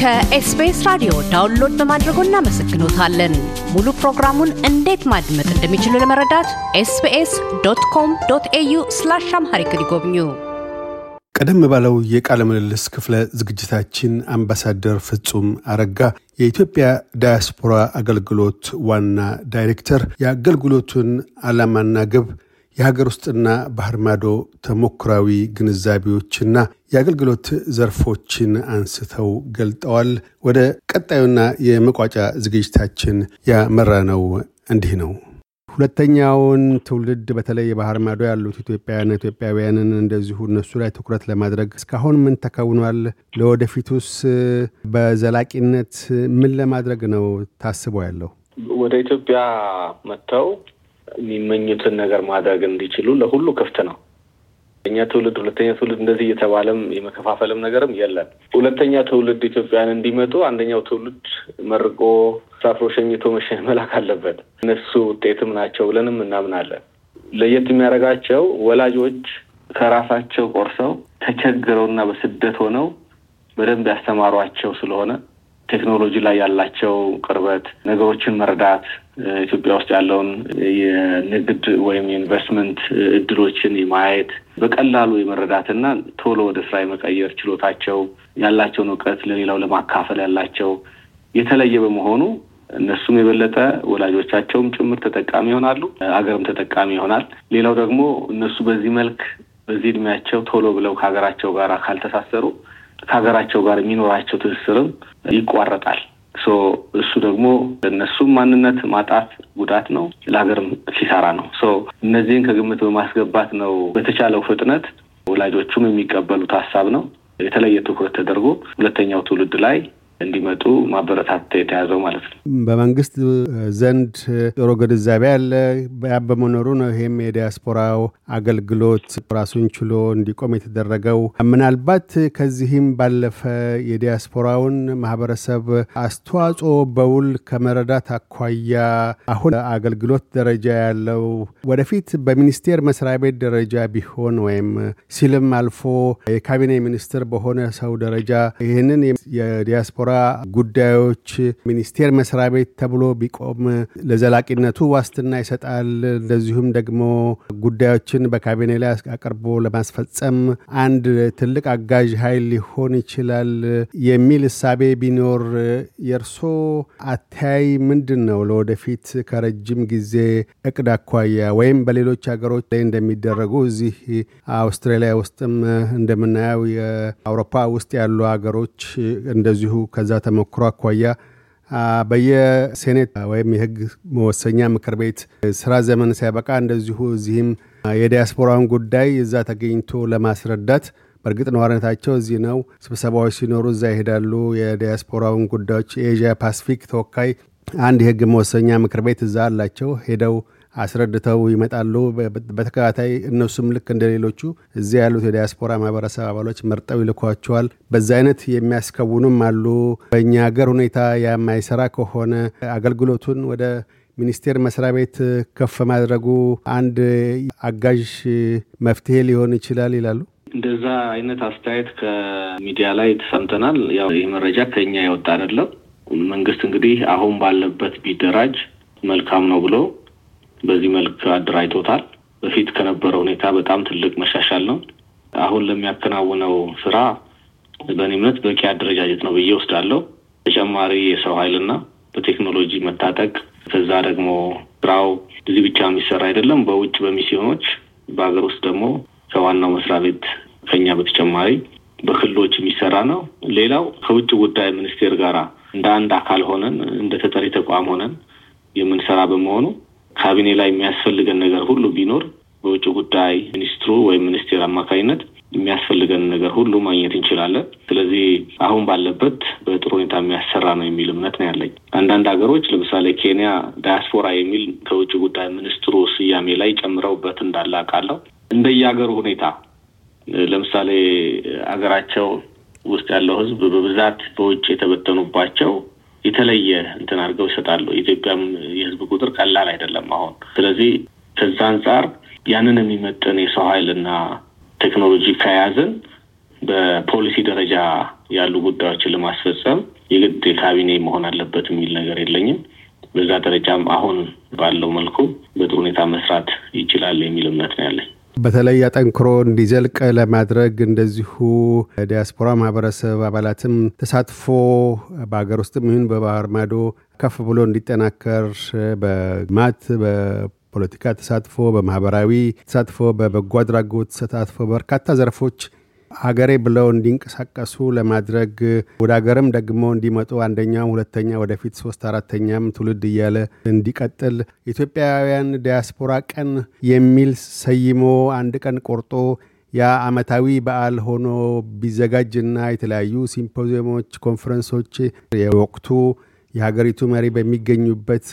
ከኤስቢኤስ ራዲዮ ዳውንሎድ በማድረጎ እናመሰግኖታለን። ሙሉ ፕሮግራሙን እንዴት ማድመጥ እንደሚችሉ ለመረዳት ኤስቢኤስ ዶት ኮም ዶት ኤዩ ስላሽ አምሃሪክ ይጎብኙ። ቀደም ባለው የቃለ ምልልስ ክፍለ ዝግጅታችን አምባሳደር ፍጹም አረጋ የኢትዮጵያ ዳያስፖራ አገልግሎት ዋና ዳይሬክተር የአገልግሎቱን ዓላማና ግብ የሀገር ውስጥና ባህር ማዶ ተሞክራዊ ግንዛቤዎችና የአገልግሎት ዘርፎችን አንስተው ገልጠዋል። ወደ ቀጣዩና የመቋጫ ዝግጅታችን ያመራ ነው እንዲህ ነው። ሁለተኛውን ትውልድ በተለይ የባህር ማዶ ያሉት ኢትዮጵያውያን ኢትዮጵያውያንን እንደዚሁ እነሱ ላይ ትኩረት ለማድረግ እስካሁን ምን ተከውኗል? ለወደፊቱስ በዘላቂነት ምን ለማድረግ ነው ታስቦ ያለው? ወደ ኢትዮጵያ መጥተው የሚመኙትን ነገር ማድረግ እንዲችሉ ለሁሉ ክፍት ነው። እኛ ትውልድ ሁለተኛ ትውልድ እንደዚህ እየተባለም የመከፋፈልም ነገርም የለም። ሁለተኛ ትውልድ ኢትዮጵያን እንዲመጡ አንደኛው ትውልድ መርቆ ሳፍሮ ሸኝቶ መላክ አለበት። እነሱ ውጤትም ናቸው ብለንም እናምናለን። ለየት የሚያደርጋቸው ወላጆች ከራሳቸው ቆርሰው ተቸግረውና በስደት ሆነው በደንብ ያስተማሯቸው ስለሆነ ቴክኖሎጂ ላይ ያላቸው ቅርበት፣ ነገሮችን መረዳት፣ ኢትዮጵያ ውስጥ ያለውን የንግድ ወይም የኢንቨስትመንት እድሎችን የማየት በቀላሉ የመረዳትና ቶሎ ወደ ስራ የመቀየር ችሎታቸው፣ ያላቸውን እውቀት ለሌላው ለማካፈል ያላቸው የተለየ በመሆኑ እነሱም የበለጠ ወላጆቻቸውም ጭምር ተጠቃሚ ይሆናሉ፣ አገርም ተጠቃሚ ይሆናል። ሌላው ደግሞ እነሱ በዚህ መልክ በዚህ እድሜያቸው ቶሎ ብለው ከሀገራቸው ጋር ካልተሳሰሩ ከሀገራቸው ጋር የሚኖራቸው ትስስርም ይቋረጣል። እሱ ደግሞ ለእነሱም ማንነት ማጣት ጉዳት ነው፣ ለሀገርም ሲሰራ ነው። እነዚህን ከግምት በማስገባት ነው በተቻለው ፍጥነት ወላጆቹም የሚቀበሉት ሀሳብ ነው የተለየ ትኩረት ተደርጎ ሁለተኛው ትውልድ ላይ እንዲመጡ ማበረታት የተያዘው ማለት ነው። በመንግስት ዘንድ ጥሩ ግንዛቤ አለ በመኖሩ ነው ይህም የዲያስፖራው አገልግሎት ራሱን ችሎ እንዲቆም የተደረገው። ምናልባት ከዚህም ባለፈ የዲያስፖራውን ማህበረሰብ አስተዋጽኦ በውል ከመረዳት አኳያ አሁን አገልግሎት ደረጃ ያለው ወደፊት በሚኒስቴር መስሪያ ቤት ደረጃ ቢሆን ወይም ሲልም አልፎ የካቢኔ ሚኒስትር በሆነ ሰው ደረጃ ይህንን የዲያስፖራ የዲያስፖራ ጉዳዮች ሚኒስቴር መስሪያ ቤት ተብሎ ቢቆም ለዘላቂነቱ ዋስትና ይሰጣል። እንደዚሁም ደግሞ ጉዳዮችን በካቢኔ ላይ አቅርቦ ለማስፈጸም አንድ ትልቅ አጋዥ ኃይል ሊሆን ይችላል የሚል እሳቤ ቢኖር የእርሶ አተያይ ምንድን ነው? ለወደፊት ከረጅም ጊዜ እቅድ አኳያ ወይም በሌሎች ሀገሮች ላይ እንደሚደረጉ እዚህ አውስትራሊያ ውስጥም እንደምናየው የአውሮፓ ውስጥ ያሉ ሀገሮች እንደዚሁ ከዛ ተሞክሮ አኳያ በየሴኔት ወይም የህግ መወሰኛ ምክር ቤት ስራ ዘመን ሲያበቃ እንደዚሁ እዚህም የዲያስፖራን ጉዳይ እዛ ተገኝቶ ለማስረዳት በእርግጥ ነዋሪነታቸው እዚህ ነው፣ ስብሰባዎች ሲኖሩ እዛ ይሄዳሉ። የዲያስፖራውን ጉዳዮች የኤዥያ ፓስፊክ ተወካይ አንድ የህግ መወሰኛ ምክር ቤት እዛ አላቸው ሄደው አስረድተው ይመጣሉ። በተከታታይ እነሱም ልክ እንደሌሎቹ እዚያ ያሉት የዲያስፖራ ማህበረሰብ አባሎች መርጠው ይልኳቸዋል። በዛ አይነት የሚያስከውኑም አሉ። በእኛ ሀገር ሁኔታ የማይሰራ ከሆነ አገልግሎቱን ወደ ሚኒስቴር መስሪያ ቤት ከፍ ማድረጉ አንድ አጋዥ መፍትሄ ሊሆን ይችላል ይላሉ። እንደዛ አይነት አስተያየት ከሚዲያ ላይ ተሰምተናል። ያው ይህ መረጃ ከኛ የወጣ አይደለም። መንግስት እንግዲህ አሁን ባለበት ቢደራጅ መልካም ነው ብሎ በዚህ መልክ አደራጅቶታል። በፊት ከነበረው ሁኔታ በጣም ትልቅ መሻሻል ነው። አሁን ለሚያከናውነው ስራ በእኔ እምነት በቂ አደረጃጀት ነው ብዬ ወስዳለሁ። ተጨማሪ የሰው ኃይልና በቴክኖሎጂ መታጠቅ፣ ከዛ ደግሞ ስራው እዚህ ብቻ የሚሰራ አይደለም። በውጭ በሚሲዮኖች በሀገር ውስጥ ደግሞ ከዋናው መስሪያ ቤት ከኛ በተጨማሪ በክልሎች የሚሰራ ነው። ሌላው ከውጭ ጉዳይ ሚኒስቴር ጋር እንደ አንድ አካል ሆነን እንደ ተጠሪ ተቋም ሆነን የምንሰራ በመሆኑ ካቢኔ ላይ የሚያስፈልገን ነገር ሁሉ ቢኖር በውጭ ጉዳይ ሚኒስትሩ ወይም ሚኒስቴር አማካኝነት የሚያስፈልገን ነገር ሁሉ ማግኘት እንችላለን። ስለዚህ አሁን ባለበት በጥሩ ሁኔታ የሚያሰራ ነው የሚል እምነት ነው ያለኝ። አንዳንድ ሀገሮች ለምሳሌ ኬንያ ዳያስፖራ የሚል ከውጭ ጉዳይ ሚኒስትሩ ስያሜ ላይ ጨምረውበት እንዳለ አውቃለሁ። እንደየሀገሩ ሁኔታ ለምሳሌ ሀገራቸው ውስጥ ያለው ሕዝብ በብዛት በውጭ የተበተኑባቸው የተለየ እንትን አድርገው ይሰጣሉ። ኢትዮጵያም የህዝብ ቁጥር ቀላል አይደለም አሁን። ስለዚህ ከዛ አንጻር ያንን የሚመጥን የሰው ኃይልና ቴክኖሎጂ ከያዝን በፖሊሲ ደረጃ ያሉ ጉዳዮችን ለማስፈጸም የግድ የካቢኔ መሆን አለበት የሚል ነገር የለኝም። በዛ ደረጃም አሁን ባለው መልኩ በጥሩ ሁኔታ መስራት ይችላል የሚል እምነት ነው ያለኝ። በተለይ አጠንክሮ እንዲዘልቅ ለማድረግ እንደዚሁ ዲያስፖራ ማህበረሰብ አባላትም ተሳትፎ በሀገር ውስጥም ይሁን በባህር ማዶ ከፍ ብሎ እንዲጠናከር በማት በፖለቲካ ተሳትፎ፣ በማህበራዊ ተሳትፎ፣ በበጎ አድራጎት ተሳትፎ በርካታ ዘርፎች አገሬ ብለው እንዲንቀሳቀሱ ለማድረግ ወደ አገርም ደግሞ እንዲመጡ አንደኛም፣ ሁለተኛ፣ ወደፊት ሶስት አራተኛም ትውልድ እያለ እንዲቀጥል ኢትዮጵያውያን ዲያስፖራ ቀን የሚል ሰይሞ አንድ ቀን ቆርጦ ያ ዓመታዊ በዓል ሆኖ ቢዘጋጅና የተለያዩ ሲምፖዚየሞች፣ ኮንፈረንሶች የወቅቱ የሀገሪቱ መሪ በሚገኙበት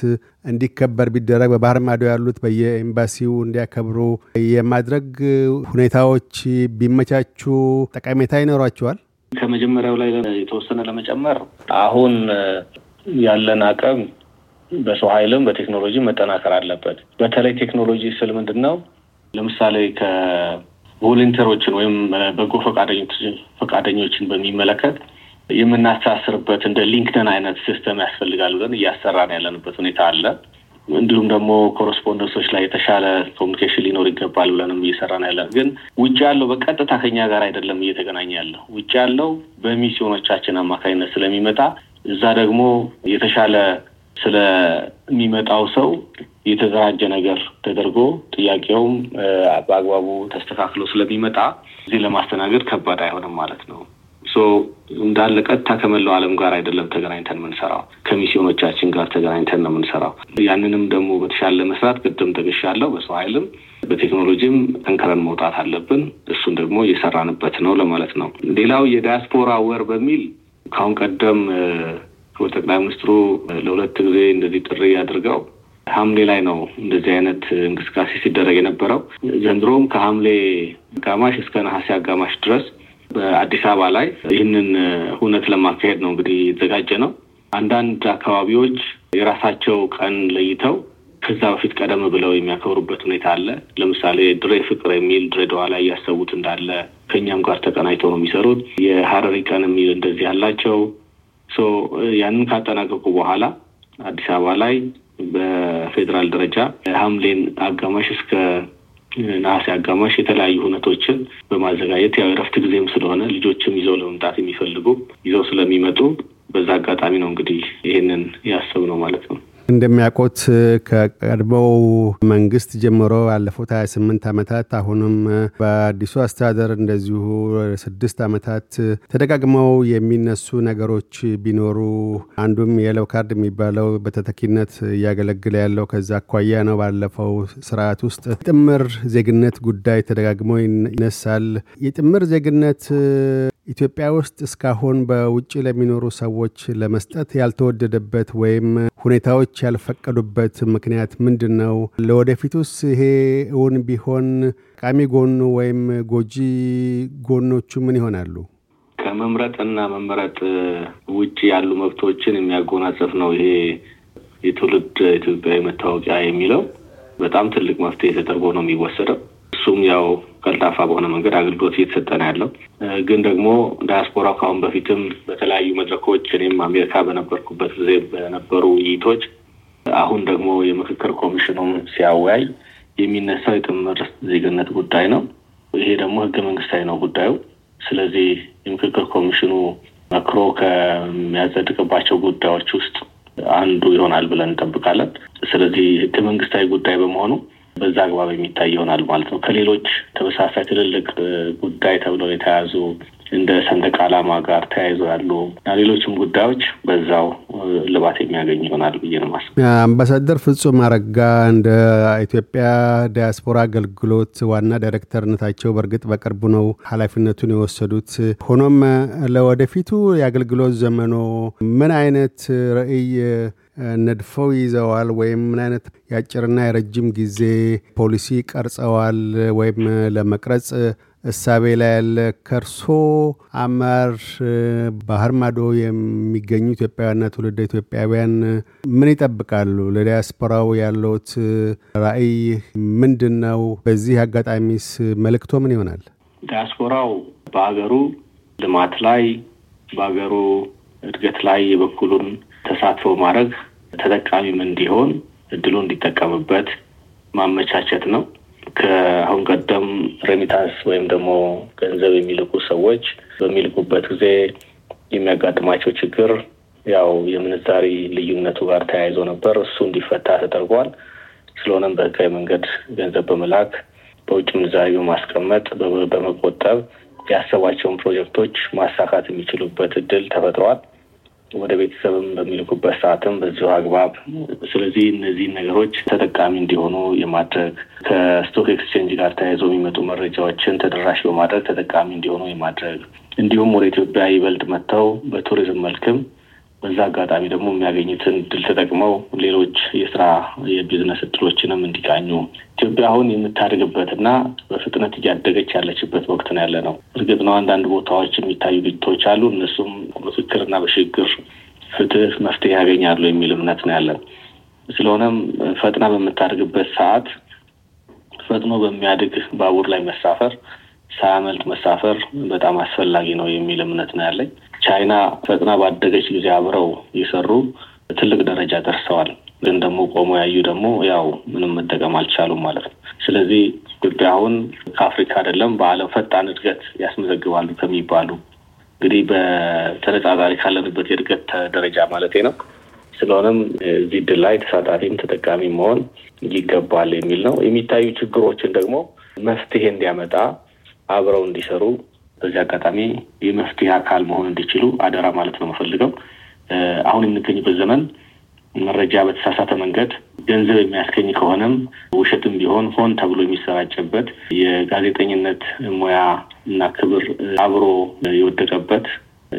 እንዲከበር ቢደረግ በባህር ማዶ ያሉት በየኤምባሲው እንዲያከብሩ የማድረግ ሁኔታዎች ቢመቻቹ ጠቀሜታ ይኖሯቸዋል። ከመጀመሪያው ላይ የተወሰነ ለመጨመር አሁን ያለን አቅም በሰው ኃይልም በቴክኖሎጂ መጠናከር አለበት። በተለይ ቴክኖሎጂ ስል ምንድን ነው? ለምሳሌ ከቮሊንተሮችን ወይም በጎ ፈቃደኞችን በሚመለከት የምናስተሳስርበት እንደ ሊንክደን አይነት ሲስተም ያስፈልጋል ብለን እያሰራን ያለንበት ሁኔታ አለ። እንዲሁም ደግሞ ኮረስፖንደንሶች ላይ የተሻለ ኮሚኒኬሽን ሊኖር ይገባል ብለንም እየሰራን ያለን፣ ግን ውጭ ያለው በቀጥታ ከኛ ጋር አይደለም እየተገናኘ ያለው። ውጭ ያለው በሚስዮኖቻችን አማካኝነት ስለሚመጣ እዛ ደግሞ የተሻለ ስለሚመጣው ሰው የተደራጀ ነገር ተደርጎ ጥያቄውም በአግባቡ ተስተካክሎ ስለሚመጣ እዚህ ለማስተናገድ ከባድ አይሆንም ማለት ነው። እንዳለ ቀጥታ ከመላው ዓለም ጋር አይደለም ተገናኝተን የምንሰራው ከሚስዮኖቻችን ጋር ተገናኝተን ነው የምንሰራው። ያንንም ደግሞ በተሻለ ለመስራት ቅድም ጠቅሻለሁ፣ በሰው ኃይልም በቴክኖሎጂም ጠንክረን መውጣት አለብን። እሱን ደግሞ እየሰራንበት ነው ለማለት ነው። ሌላው የዲያስፖራ ወር በሚል ከአሁን ቀደም ጠቅላይ ሚኒስትሩ ለሁለት ጊዜ እንደዚህ ጥሪ አድርገው ሐምሌ ላይ ነው እንደዚህ አይነት እንቅስቃሴ ሲደረግ የነበረው። ዘንድሮም ከሐምሌ አጋማሽ እስከ ነሐሴ አጋማሽ ድረስ በአዲስ አበባ ላይ ይህንን ሁነት ለማካሄድ ነው እንግዲህ የተዘጋጀ ነው። አንዳንድ አካባቢዎች የራሳቸው ቀን ለይተው ከዛ በፊት ቀደም ብለው የሚያከብሩበት ሁኔታ አለ። ለምሳሌ ድሬ ፍቅር የሚል ድሬዳዋ ላይ እያሰቡት እንዳለ ከእኛም ጋር ተቀናጅተው ነው የሚሰሩት። የሀረሪ ቀን የሚል እንደዚህ ያላቸው ያንን ካጠናቀቁ በኋላ አዲስ አበባ ላይ በፌዴራል ደረጃ ሐምሌን አጋማሽ እስከ ነሐሴ አጋማሽ የተለያዩ ሁነቶችን በማዘጋጀት ያው የረፍት ጊዜም ስለሆነ ልጆችም ይዘው ለመምጣት የሚፈልጉ ይዘው ስለሚመጡ በዛ አጋጣሚ ነው እንግዲህ ይህንን ያሰብነው ማለት ነው። እንደሚያውቁት ከቀድሞው መንግስት ጀምሮ ባለፉት 28 ዓመታት አሁንም በአዲሱ አስተዳደር እንደዚሁ ስድስት ዓመታት ተደጋግመው የሚነሱ ነገሮች ቢኖሩ አንዱም የለው ካርድ የሚባለው በተተኪነት እያገለግለ ያለው ከዛ አኳያ ነው። ባለፈው ስርዓት ውስጥ የጥምር ዜግነት ጉዳይ ተደጋግሞ ይነሳል። የጥምር ዜግነት ኢትዮጵያ ውስጥ እስካሁን በውጭ ለሚኖሩ ሰዎች ለመስጠት ያልተወደደበት ወይም ሁኔታዎች ያልፈቀዱበት ምክንያት ምንድን ነው? ለወደፊቱስ ይሄ እውን ቢሆን ጠቃሚ ጎኑ ወይም ጎጂ ጎኖቹ ምን ይሆናሉ? ከመምረጥና መምረጥ ውጭ ያሉ መብቶችን የሚያጎናጸፍ ነው ይሄ የትውልድ ኢትዮጵያዊ መታወቂያ የሚለው በጣም ትልቅ መፍትሄ ተደርጎ ነው የሚወሰደው። እሱም ያው ቀልጣፋ በሆነ መንገድ አገልግሎት እየተሰጠ ነው ያለው። ግን ደግሞ ዳያስፖራው ከአሁን በፊትም በተለያዩ መድረኮች እኔም አሜሪካ በነበርኩበት ጊዜ በነበሩ ውይይቶች፣ አሁን ደግሞ የምክክር ኮሚሽኑ ሲያወያይ የሚነሳው የጥምር ዜግነት ጉዳይ ነው። ይሄ ደግሞ ህገ መንግስታዊ ነው ጉዳዩ። ስለዚህ የምክክር ኮሚሽኑ መክሮ ከሚያጸድቅባቸው ጉዳዮች ውስጥ አንዱ ይሆናል ብለን እንጠብቃለን። ስለዚህ ህገ መንግስታዊ ጉዳይ በመሆኑ በዛ አግባብ የሚታይ ይሆናል ማለት ነው። ከሌሎች ተመሳሳይ ትልልቅ ጉዳይ ተብለው የተያዙ እንደ ሰንደቅ ዓላማ ጋር ተያይዞ ያሉ እና ሌሎችም ጉዳዮች በዛው ልባት የሚያገኝ ይሆናል ብዬ ነው የማስበው። አምባሳደር ፍጹም አረጋ እንደ ኢትዮጵያ ዲያስፖራ አገልግሎት ዋና ዳይሬክተርነታቸው በእርግጥ በቅርቡ ነው ኃላፊነቱን የወሰዱት። ሆኖም ለወደፊቱ የአገልግሎት ዘመኖ ምን አይነት ርዕይ ነድፈው ይዘዋል ወይም ምን አይነት የአጭርና የረጅም ጊዜ ፖሊሲ ቀርጸዋል ወይም ለመቅረጽ እሳቤ ላይ ያለ ከርሶ አመራር ባህር ማዶ የሚገኙ ኢትዮጵያውያንና ትውልደ ኢትዮጵያውያን ምን ይጠብቃሉ? ለዲያስፖራው ያለውት ራዕይ ምንድን ነው? በዚህ አጋጣሚስ መልእክቶ ምን ይሆናል? ዲያስፖራው በሀገሩ ልማት ላይ በሀገሩ እድገት ላይ የበኩሉን ተሳትፎ ማድረግ ተጠቃሚም እንዲሆን እድሉ እንዲጠቀምበት ማመቻቸት ነው። ከአሁን ቀደም ሬሚታንስ ወይም ደግሞ ገንዘብ የሚልኩ ሰዎች በሚልኩበት ጊዜ የሚያጋጥማቸው ችግር ያው የምንዛሪ ልዩነቱ ጋር ተያይዞ ነበር። እሱ እንዲፈታ ተደርጓል። ስለሆነም በህጋዊ መንገድ ገንዘብ በመላክ በውጭ ምንዛሪ በማስቀመጥ በመቆጠብ ያሰባቸውን ፕሮጀክቶች ማሳካት የሚችሉበት እድል ተፈጥሯል። ወደ ቤተሰብም በሚልኩበት ሰዓትም በዚሁ አግባብ። ስለዚህ እነዚህን ነገሮች ተጠቃሚ እንዲሆኑ የማድረግ ከስቶክ ኤክስቼንጅ ጋር ተያይዞ የሚመጡ መረጃዎችን ተደራሽ በማድረግ ተጠቃሚ እንዲሆኑ የማድረግ እንዲሁም ወደ ኢትዮጵያ ይበልጥ መጥተው በቱሪዝም መልክም በዛ አጋጣሚ ደግሞ የሚያገኙትን ድል ተጠቅመው ሌሎች የስራ የቢዝነስ እድሎችንም እንዲቃኙ ኢትዮጵያ አሁን የምታድግበት እና በፍጥነት እያደገች ያለችበት ወቅት ነው ያለ ነው። እርግጥ ነው አንዳንድ ቦታዎች የሚታዩ ግጭቶች አሉ። እነሱም ምክክርና በሽግግር ፍትህ መፍትሄ ያገኛሉ የሚል እምነት ነው ያለን። ስለሆነም ፈጥና በምታድግበት ሰዓት ፈጥኖ በሚያድግ ባቡር ላይ መሳፈር፣ ሳያመልጥ መሳፈር በጣም አስፈላጊ ነው የሚል እምነት ነው ያለኝ። ቻይና ፈጥና ባደገች ጊዜ አብረው የሰሩ ትልቅ ደረጃ ደርሰዋል። ግን ደግሞ ቆሞ ያዩ ደግሞ ያው ምንም መጠቀም አልቻሉም ማለት ነው። ስለዚህ ኢትዮጵያ አሁን ከአፍሪካ አይደለም በዓለም ፈጣን እድገት ያስመዘግባሉ ከሚባሉ እንግዲህ በተነጻጻሪ ካለንበት የእድገት ደረጃ ማለት ነው። ስለሆነም እዚህ ድል ላይ ተሳታፊም ተጠቃሚ መሆን ይገባል የሚል ነው። የሚታዩ ችግሮችን ደግሞ መፍትሄ እንዲያመጣ አብረው እንዲሰሩ በዚህ አጋጣሚ የመፍትሄ አካል መሆን እንዲችሉ አደራ ማለት ነው የምፈልገው። አሁን የምንገኝበት ዘመን መረጃ በተሳሳተ መንገድ ገንዘብ የሚያስገኝ ከሆነም ውሸትም ቢሆን ሆን ተብሎ የሚሰራጨበት የጋዜጠኝነት ሙያ እና ክብር አብሮ የወደቀበት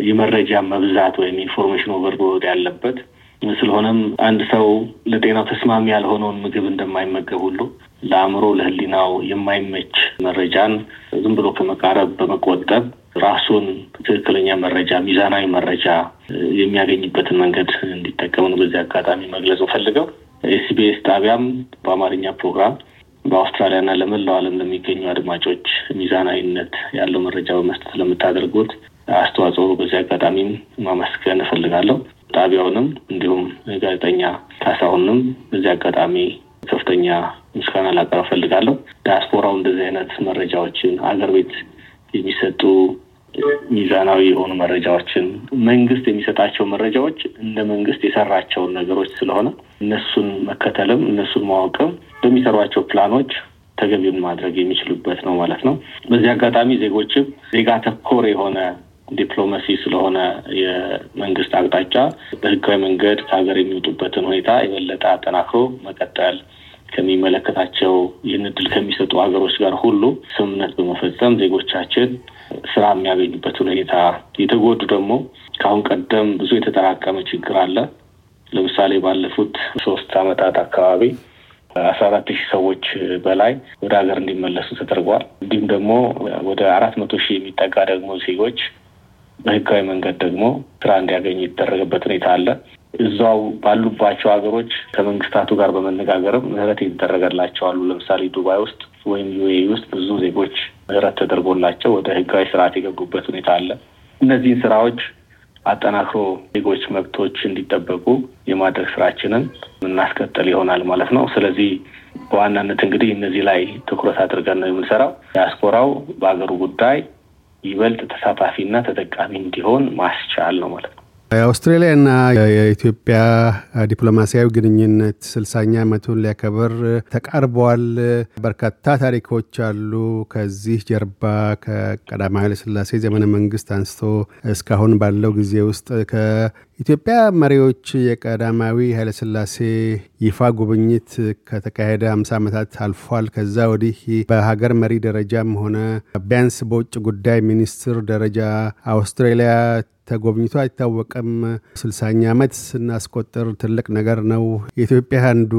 የመረጃ መብዛት ወይም ኢንፎርሜሽን ኦቨርሎድ ያለበት ስለሆነም አንድ ሰው ለጤናው ተስማሚ ያልሆነውን ምግብ እንደማይመገብ ሁሉ ለአእምሮ ለህሊናው የማይመች መረጃን ዝም ብሎ ከመቃረብ በመቆጠብ ራሱን ትክክለኛ መረጃ፣ ሚዛናዊ መረጃ የሚያገኝበትን መንገድ እንዲጠቀም ነው በዚህ አጋጣሚ መግለጽ ፈልገው። ኤስቢኤስ ጣቢያም በአማርኛ ፕሮግራም በአውስትራሊያና ለመላው ዓለም ለሚገኙ አድማጮች ሚዛናዊነት ያለው መረጃ በመስጠት ለምታደርጉት አስተዋጽኦ በዚህ አጋጣሚም ማመስገን እፈልጋለሁ። ጣቢያውንም እንዲሁም ጋዜጠኛ ካሳሁንም በዚህ አጋጣሚ ከፍተኛ ምስጋና ላቀረብ ፈልጋለሁ። ዲያስፖራው እንደዚህ አይነት መረጃዎችን አገር ቤት የሚሰጡ ሚዛናዊ የሆኑ መረጃዎችን መንግስት የሚሰጣቸው መረጃዎች እንደ መንግስት የሰራቸውን ነገሮች ስለሆነ እነሱን መከተልም እነሱን ማወቅም በሚሰሯቸው ፕላኖች ተገቢውን ማድረግ የሚችሉበት ነው ማለት ነው። በዚህ አጋጣሚ ዜጎችም ዜጋ ተኮር የሆነ ዲፕሎማሲ ስለሆነ የመንግስት አቅጣጫ በህጋዊ መንገድ ከሀገር የሚወጡበትን ሁኔታ የበለጠ አጠናክሮ መቀጠል ከሚመለከታቸው ይህን እድል ከሚሰጡ ሀገሮች ጋር ሁሉ ስምምነት በመፈጸም ዜጎቻችን ስራ የሚያገኙበትን ሁኔታ የተጎዱ ደግሞ ከአሁን ቀደም ብዙ የተጠራቀመ ችግር አለ። ለምሳሌ ባለፉት ሶስት አመታት አካባቢ አስራ አራት ሺህ ሰዎች በላይ ወደ ሀገር እንዲመለሱ ተደርጓል። እንዲሁም ደግሞ ወደ አራት መቶ ሺህ የሚጠጋ ደግሞ ዜጎች በህጋዊ መንገድ ደግሞ ስራ እንዲያገኝ የተደረገበት ሁኔታ አለ። እዛው ባሉባቸው ሀገሮች ከመንግስታቱ ጋር በመነጋገርም ምህረት የተደረገላቸው አሉ። ለምሳሌ ዱባይ ውስጥ ወይም ዩኤ ውስጥ ብዙ ዜጎች ምህረት ተደርጎላቸው ወደ ህጋዊ ስርዓት የገቡበት ሁኔታ አለ። እነዚህን ስራዎች አጠናክሮ ዜጎች መብቶች እንዲጠበቁ የማድረግ ስራችንን የምናስቀጥል ይሆናል ማለት ነው። ስለዚህ በዋናነት እንግዲህ እነዚህ ላይ ትኩረት አድርገን ነው የምንሰራው። ዲያስፖራው በሀገሩ ጉዳይ ይበልጥ ተሳታፊና ተጠቃሚ እንዲሆን ማስቻል ነው ማለት ነው። የአውስትራሊያና የኢትዮጵያ ዲፕሎማሲያዊ ግንኙነት ስልሳኛ ዓመቱን ሊያከብር ተቃርበዋል። በርካታ ታሪኮች አሉ። ከዚህ ጀርባ ከቀዳማዊ ኃይለሥላሴ ዘመነ መንግስት አንስቶ እስካሁን ባለው ጊዜ ውስጥ ከኢትዮጵያ መሪዎች የቀዳማዊ ኃይለሥላሴ ይፋ ጉብኝት ከተካሄደ አምሳ ዓመታት አልፏል። ከዛ ወዲህ በሀገር መሪ ደረጃም ሆነ ቢያንስ በውጭ ጉዳይ ሚኒስትር ደረጃ አውስትራሊያ ተጎብኝቶ አይታወቅም። ስልሳኛ ዓመት ስናስቆጥር ትልቅ ነገር ነው። የኢትዮጵያ አንዱ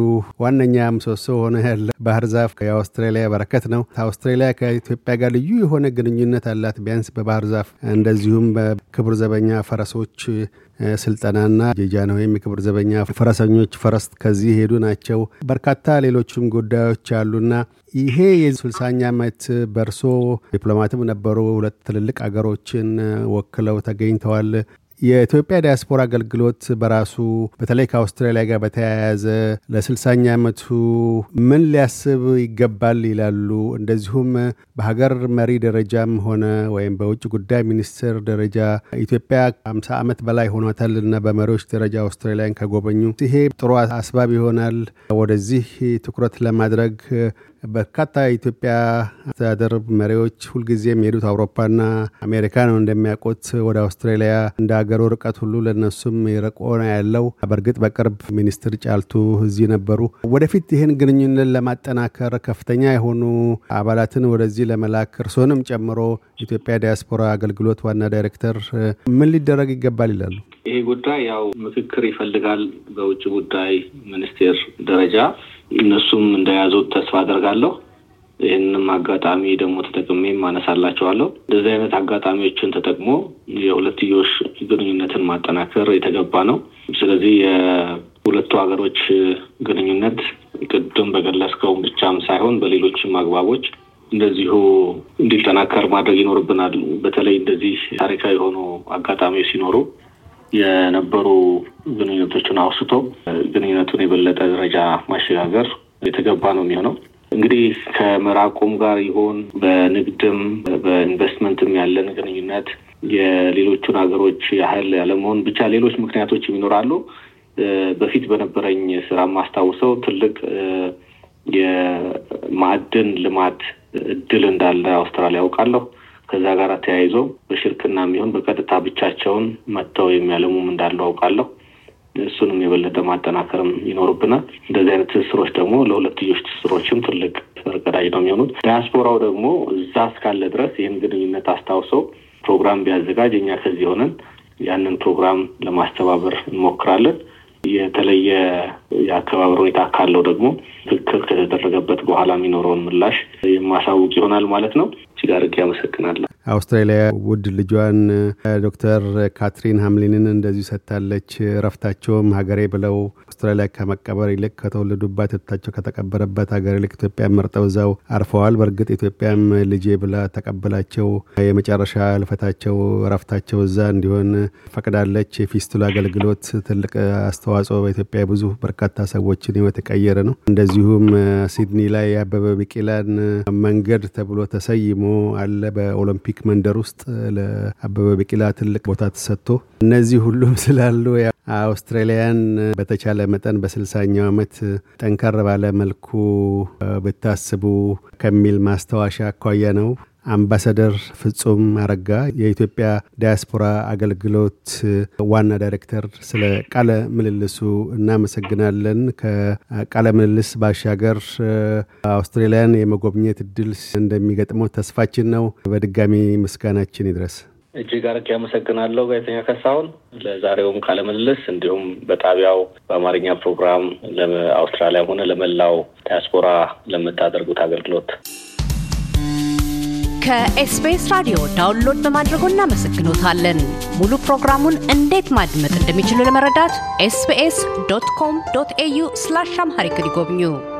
ዋነኛ ምሰሶ ሆነ ያለ ባህር ዛፍ የአውስትራሊያ በረከት ነው። አውስትራሊያ ከኢትዮጵያ ጋር ልዩ የሆነ ግንኙነት አላት፣ ቢያንስ በባህር ዛፍ እንደዚሁም በክቡር ዘበኛ ፈረሶች ስልጠናና ጄጃን ወይም የክብር ዘበኛ ፈረሰኞች ፈረስ ከዚህ ሄዱ ናቸው። በርካታ ሌሎችም ጉዳዮች አሉና ይሄ የስልሳኛ ዓመት በርሶ ዲፕሎማትም ነበሩ። ሁለት ትልልቅ አገሮችን ወክለው ተገኝተዋል። የኢትዮጵያ ዲያስፖራ አገልግሎት በራሱ በተለይ ከአውስትራሊያ ጋር በተያያዘ ለስልሳኛ ዓመቱ ምን ሊያስብ ይገባል ይላሉ? እንደዚሁም በሀገር መሪ ደረጃም ሆነ ወይም በውጭ ጉዳይ ሚኒስትር ደረጃ ኢትዮጵያ አምሳ ዓመት በላይ ሆኗታል እና በመሪዎች ደረጃ አውስትራሊያን ከጎበኙ ይሄ ጥሩ አስባብ ይሆናል ወደዚህ ትኩረት ለማድረግ በርካታ የኢትዮጵያ አስተዳደር መሪዎች ሁልጊዜም የሄዱት አውሮፓና አሜሪካ ነው። እንደሚያውቁት ወደ አውስትራሊያ እንደ ሀገሩ ርቀት ሁሉ ለነሱም የረቆ ነው ያለው። በእርግጥ በቅርብ ሚኒስትር ጫልቱ እዚህ ነበሩ። ወደፊት ይህን ግንኙነት ለማጠናከር ከፍተኛ የሆኑ አባላትን ወደዚህ ለመላክ እርስዎንም ጨምሮ የኢትዮጵያ ዲያስፖራ አገልግሎት ዋና ዳይሬክተር ምን ሊደረግ ይገባል ይላሉ? ይሄ ጉዳይ ያው ምክክር ይፈልጋል። በውጭ ጉዳይ ሚኒስቴር ደረጃ እነሱም እንደያዙት ተስፋ አደርጋለሁ። ይህንም አጋጣሚ ደግሞ ተጠቅሜ ማነሳላቸዋለሁ እንደዚህ አይነት አጋጣሚዎችን ተጠቅሞ የሁለትዮሽ ግንኙነትን ማጠናከር የተገባ ነው። ስለዚህ የሁለቱ ሀገሮች ግንኙነት ቅድም በገለጽከውም ብቻም ሳይሆን በሌሎችም አግባቦች እንደዚሁ እንዲጠናከር ማድረግ ይኖርብናል። በተለይ እንደዚህ ታሪካዊ የሆኑ አጋጣሚዎች ሲኖሩ የነበሩ ግንኙነቶችን አውስቶ ግንኙነቱን የበለጠ ደረጃ ማሸጋገር የተገባ ነው የሚሆነው። እንግዲህ ከምራቁም ጋር ይሆን በንግድም በኢንቨስትመንትም ያለን ግንኙነት የሌሎቹን ሀገሮች ያህል ያለመሆን ብቻ ሌሎች ምክንያቶች ይኖራሉ። በፊት በነበረኝ ስራ ማስታውሰው ትልቅ የማዕድን ልማት እድል እንዳለ አውስትራሊያ ያውቃለሁ። ከዛ ጋር ተያይዞ በሽርክና የሚሆን በቀጥታ ብቻቸውን መጥተው የሚያለሙም እንዳሉ አውቃለሁ። እሱንም የበለጠ ማጠናከርም ይኖርብናል። እንደዚህ አይነት ትስስሮች ደግሞ ለሁለትዮሽ ትስስሮችም ትልቅ ፈርቀዳጅ ነው የሚሆኑት። ዳያስፖራው ደግሞ እዛ እስካለ ድረስ ይህን ግንኙነት አስታውሰው ፕሮግራም ቢያዘጋጅ እኛ ከዚህ ሆነን ያንን ፕሮግራም ለማስተባበር እንሞክራለን። የተለየ የአከባበር ሁኔታ ካለው ደግሞ ትክክል ከተደረገበት በኋላ የሚኖረውን ምላሽ የማሳውቅ ይሆናል ማለት ነው። እጅግ አድርጌ አመሰግናለሁ። አውስትራሊያ ውድ ልጇን ዶክተር ካትሪን ሀምሊንን እንደዚሁ ሰጥታለች። እረፍታቸውም ሀገሬ ብለው አውስትራሊያ ከመቀበር ይልቅ ከተወለዱባት እታቸው ከተቀበረበት ሀገር ይልቅ ኢትዮጵያ መርጠው እዛው አርፈዋል። በእርግጥ ኢትዮጵያም ልጄ ብላ ተቀብላቸው የመጨረሻ ልፈታቸው ረፍታቸው እዛ እንዲሆን ፈቅዳለች። የፊስቱላ አገልግሎት ትልቅ አስተዋጽኦ በኢትዮጵያ ብዙ በርካታ ሰዎችን ህይወት የቀየረ ነው። እንደዚሁም ሲድኒ ላይ የአበበ ቢቂላን መንገድ ተብሎ ተሰይሞ አለ በኦሎምፒክ መንደር ውስጥ ለአበበ ቢቂላ ትልቅ ቦታ ተሰጥቶ እነዚህ ሁሉም ስላሉ አውስትራሊያን በተቻለ መጠን በስልሳኛው ዓመት ጠንከር ባለ መልኩ ብታስቡ ከሚል ማስታወሻ አኳያ ነው። አምባሳደር ፍጹም አረጋ የኢትዮጵያ ዲያስፖራ አገልግሎት ዋና ዳይሬክተር፣ ስለ ቃለ ምልልሱ እናመሰግናለን። ከቃለ ምልልስ ባሻገር አውስትራሊያን የመጎብኘት እድል እንደሚገጥመው ተስፋችን ነው። በድጋሚ ምስጋናችን ይድረስ። እጅግ አርጌ ያመሰግናለሁ ጋዜጠኛ ከሳሁን ለዛሬውም ካለመልስ እንዲሁም በጣቢያው በአማርኛ ፕሮግራም ለአውስትራሊያም ሆነ ለመላው ዲያስፖራ ለምታደርጉት አገልግሎት። ከኤስቢኤስ ራዲዮ ዳውንሎድ በማድረጉ እናመሰግኖታለን። ሙሉ ፕሮግራሙን እንዴት ማድመጥ እንደሚችሉ ለመረዳት ኤስቢኤስ ዶት ኮም ዶት ኤዩ ስላሽ አምሃሪክ ይጎብኙ።